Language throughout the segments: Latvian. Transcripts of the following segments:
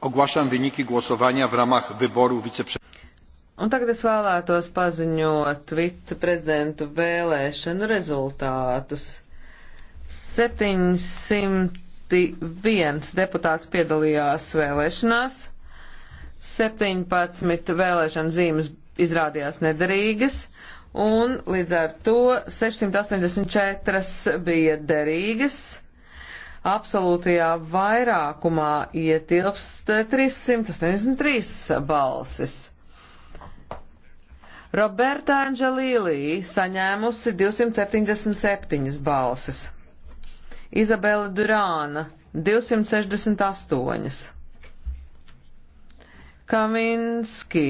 Ogłaszam wyniki głosowania w ramach wyboru wiceprzewodniczącego. Un tagad es vēlētos paziņot viceprezidentu vēlēšanu rezultātus. 701 deputāts piedalījās vēlēšanās, 17 vēlēšana zīmes izrādījās nederīgas, un līdz ar to 684 bija derīgas absolūtajā vairākumā ietilpst 373 balsis. Roberta Anģelīlī saņēmusi 277 balsis, Izabela Durāna 268, Kaminski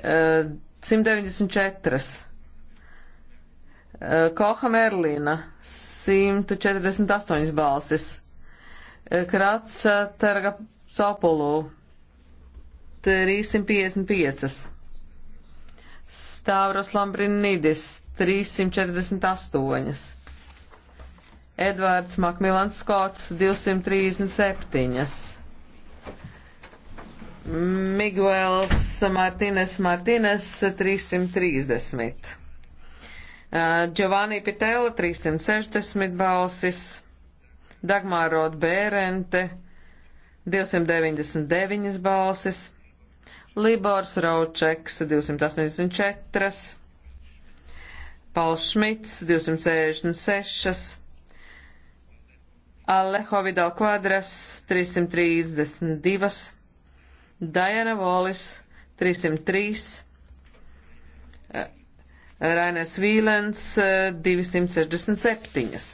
194, eh, eh, Koha Merlina 148 balsis, Kratsa Targapopulu 355. Stāvros Lambrinidis 348. Edvards Makmilans Skots 237. Miguels Martīnes Martīnes 330. Giovanni Pitela 360 balsis. Dagmārot Bērente 299 balsis, Libors Raučeks 284, Pals Šmits 266, Alejo Vidal Kvadras 332, Diana Volis 303, Rainers Vīlens 267.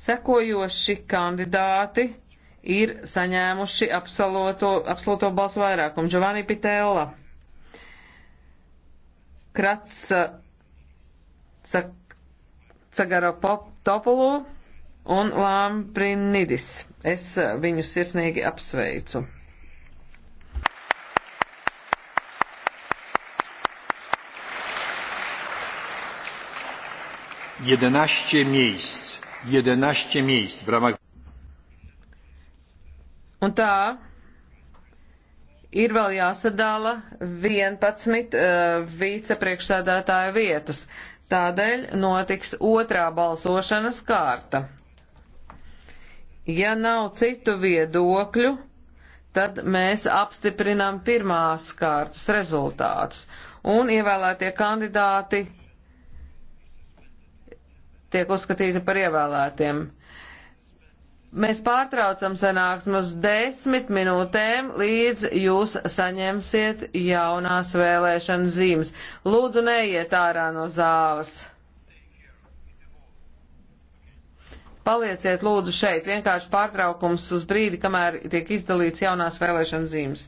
Sekojoši kandidāti ir saņēmuši absolūto, absolūto balsu vairākumu. Giovanni Pitella, Kratsa Cagaropopulu un Lambrinidis. Es viņus sirsnīgi apsveicu. jedenaście miejsc 11 miejsc w ramach. Un tā ir vēl jāsadala 11 uh, eh, vicepriekšsēdētāja vietas. Tādēļ notiks otrā balsošanas kārta. Ja nav citu viedokļu, tad mēs apstiprinām pirmās kārtas rezultātus un ievēlētie kandidāti tiek uzskatīti par ievēlētiem. Mēs pārtraucam sanāksmus desmit minūtēm, līdz jūs saņemsiet jaunās vēlēšana zīmes. Lūdzu, neiet ārā no zāles. Palieciet lūdzu šeit, vienkārši pārtraukums uz brīdi, kamēr tiek izdalīts jaunās vēlēšana zīmes.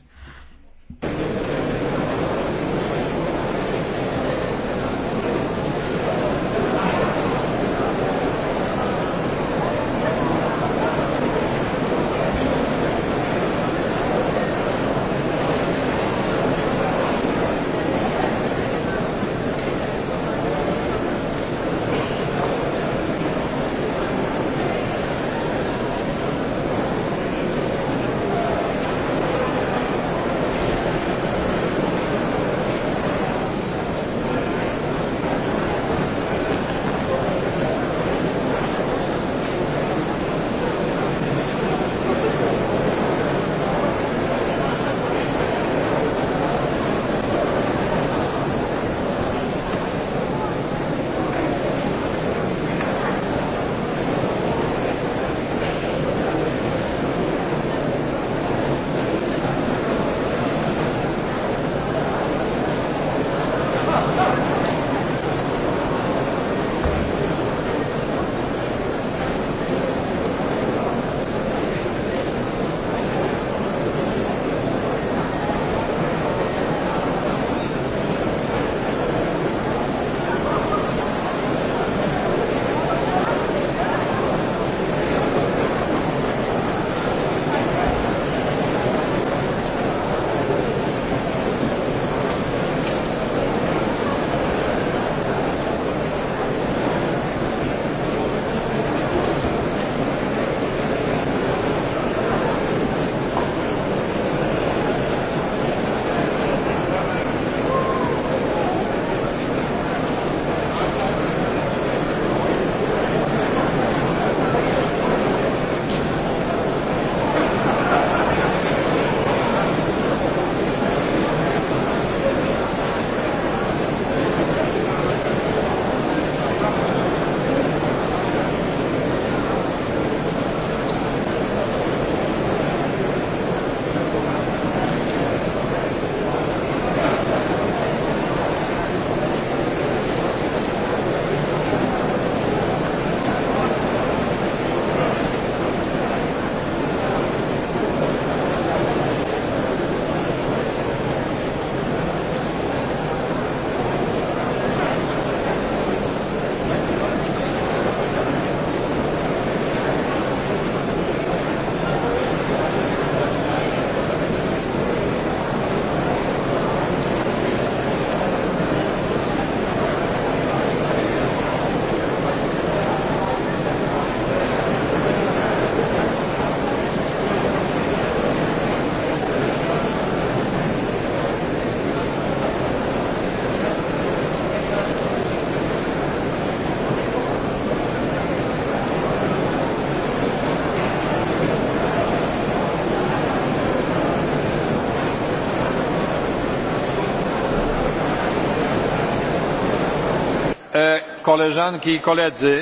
koleżanki i koledzy.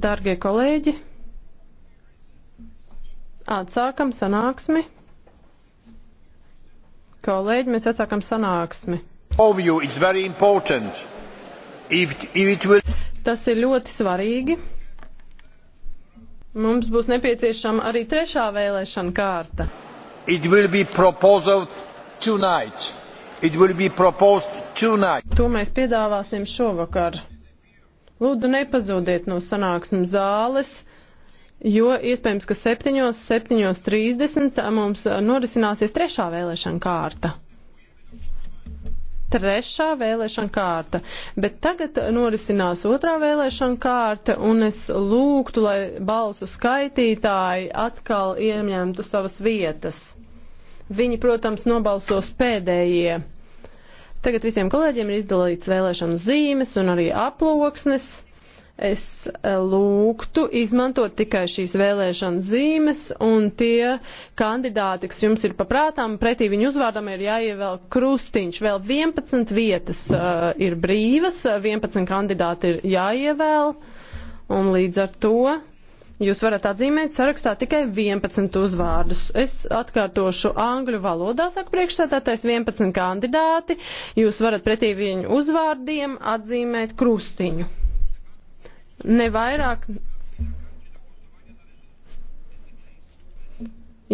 Dargie kolēģi, atsākam sanāksmi. Kolēģi, mēs atsākam sanāksmi. You, if, if will... Tas ir ļoti svarīgi. Mums būs nepieciešama arī trešā vēlēšana kārta. It will be proposed tonight. To mēs piedāvāsim šovakar. Lūdzu, nepazudiet no sanāksmes zāles, jo iespējams, ka 7. 7.30 mums norisināsies trešā vēlēšana kārta. Trešā vēlēšana kārta, bet tagad norisinās otrā vēlēšana kārta, un es lūgtu, lai balsu skaitītāji atkal ieņemtu savas vietas. Viņi, protams, nobalsos pēdējie. Tagad visiem kolēģiem ir izdalīts vēlēšanu zīmes un arī aploksnes. Es eh, lūgtu izmantot tikai šīs vēlēšanu zīmes un tie kandidāti, kas jums ir paprātām, pretī viņu uzvārdam ir jāievēl krustiņš. Vēl 11 vietas uh, ir brīvas, 11 eh, kandidāti ir jāievēl un līdz ar to Jūs varat atzīmēt sarakstā tikai 11 uzvārdus. Es atkārtošu angļu valodā, saka priekšsētātais, 11 kandidāti. Jūs varat pretī viņu uzvārdiem atzīmēt krustiņu. Ne vairāk.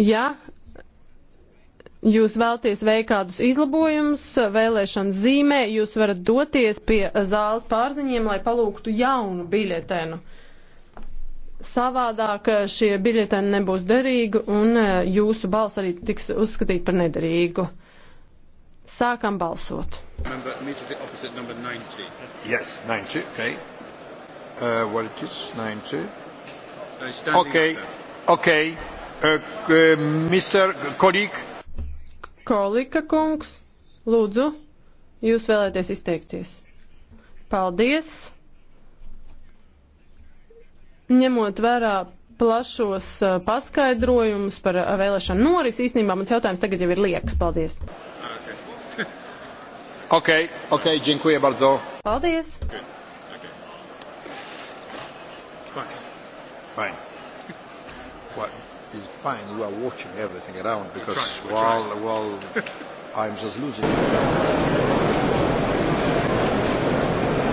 Ja jūs vēlties veikt kādus izlabojumus vēlēšanas zīmē, jūs varat doties pie zāles pārziņiem, lai palūgtu jaunu biļetenu. Savādāk eh, šie biļetēni nebūs derīgi un eh, jūsu balss arī tiks uzskatīt par nederīgu. Sākam balsot. Number, number 90. Yes, 90, okay. Uh, what it is, 90. Uh, okay, up there. okay. Uh, uh, Mr. Kolik. Kolika kungs, lūdzu, jūs vēlēties izteikties. Paldies ņemot vērā plašos uh, paskaidrojumus par uh, vēlēšanu noris, īstenībā mans jautājums tagad jau ir liekas. Paldies! Ok, ok, dziękuję bardzo. Paldies! Okay. Okay. Fine. Fine. What is fine, you are watching everything around because we're trying, we're while, trying. while I'm just losing.